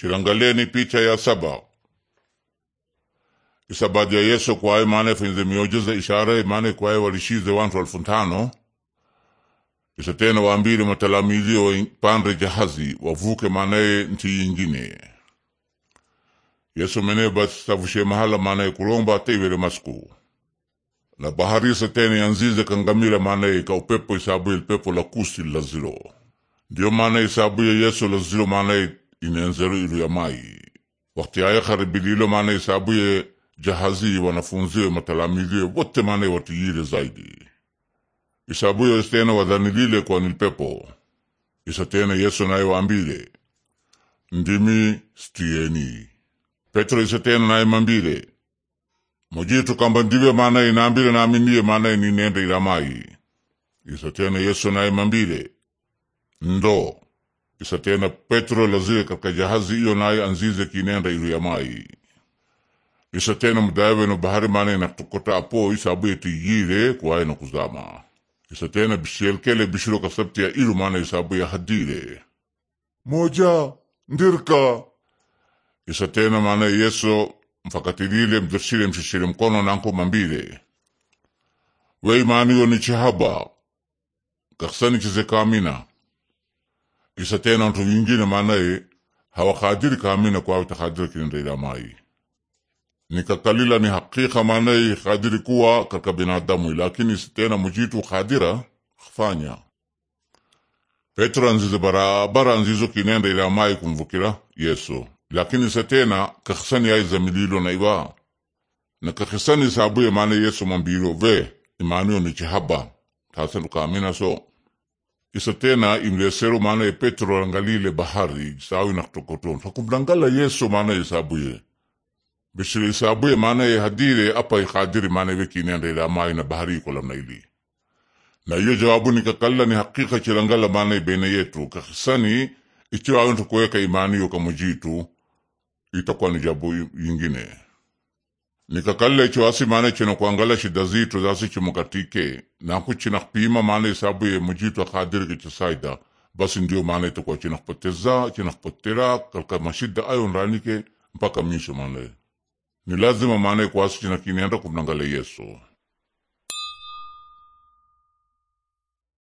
chirangaleni picha ya saba isabadi ya yesu kwaye mane yafanyize miujiza ishara maana kwaye walishize wantu alfu tano isa tena waambile matalamizi wapandre jahazi wavuke maanaye nchi yingine yesu mene basi mahala maanaye kulomba ateiwele masku na bahari isa tena yanzize kangamila maanaye ka upepo isabuye lipepo la kusi lazilo ndiyo maana isabuye yesu lazilo maanaye inaanza ya mai wakati aye kharibililo maana isabuye jahazi wanafunziwe matalamiziwe wote maana watiyile zaidi isabuye istena wadhanilile kwa nilpepo isatena yesu naye waambile ndimi stieni petro isatena naye mambile mujitu kamba ndive maana inaambile naaminie maana ninende mai isatena yesu naye mambile ndo isatena petro lazire katika jahazi iyo naye anzize kinenda iru ya mai isatena mudawe no bahari mane tukota apo isabu eti yire kuwaye na kuzama isatena bishelkele bishiro kasabti ya iru mane isabu ya hadire moja ndirka isatena mane yeso mfakatilile mdirsile mshishile mkono nanko mambile wei maniyo ni chihaba kaksani chize kamina kisha tena mtu mwingine maanaye hawakadiri kamina kwa takadiri kinendelamai nikakalila ni hakika maanaye kadiri kuwa katika binadamu lakini tena mujitu kadira fanya Petro anzize barabara anzizo kinenda mai kumvukira Yesu lakini setena ai za mililo na iwa na kakhisani sabuye maana Yesu mambiro ve chihaba nichihaba tasandukamina so isa tena imlesero maana ye Petro angalile bahari isaau inaktokotonu hakumlangala Yesu maana e ye isabuye bishiri isabuye maana ye hadire apa ikadiri e maana e wekinendelamai na bahari ili na iyo jawabu nikakalla ni hakika chilangala maana ye bene yetu kakisani imani imaniyo kamujitu itakuwa ni jabu yingine nikakalecho asi mane chino kuangala shida zito zasi chimukatike naku china kupima mane isabu ye mujitu akadirike chisaida basi ndio mane itakuwa china kupoteza china kupotera kalka mashida ayo nranike mpaka misho mane ni lazima mane kuasi china kinenda kumnangala Yesu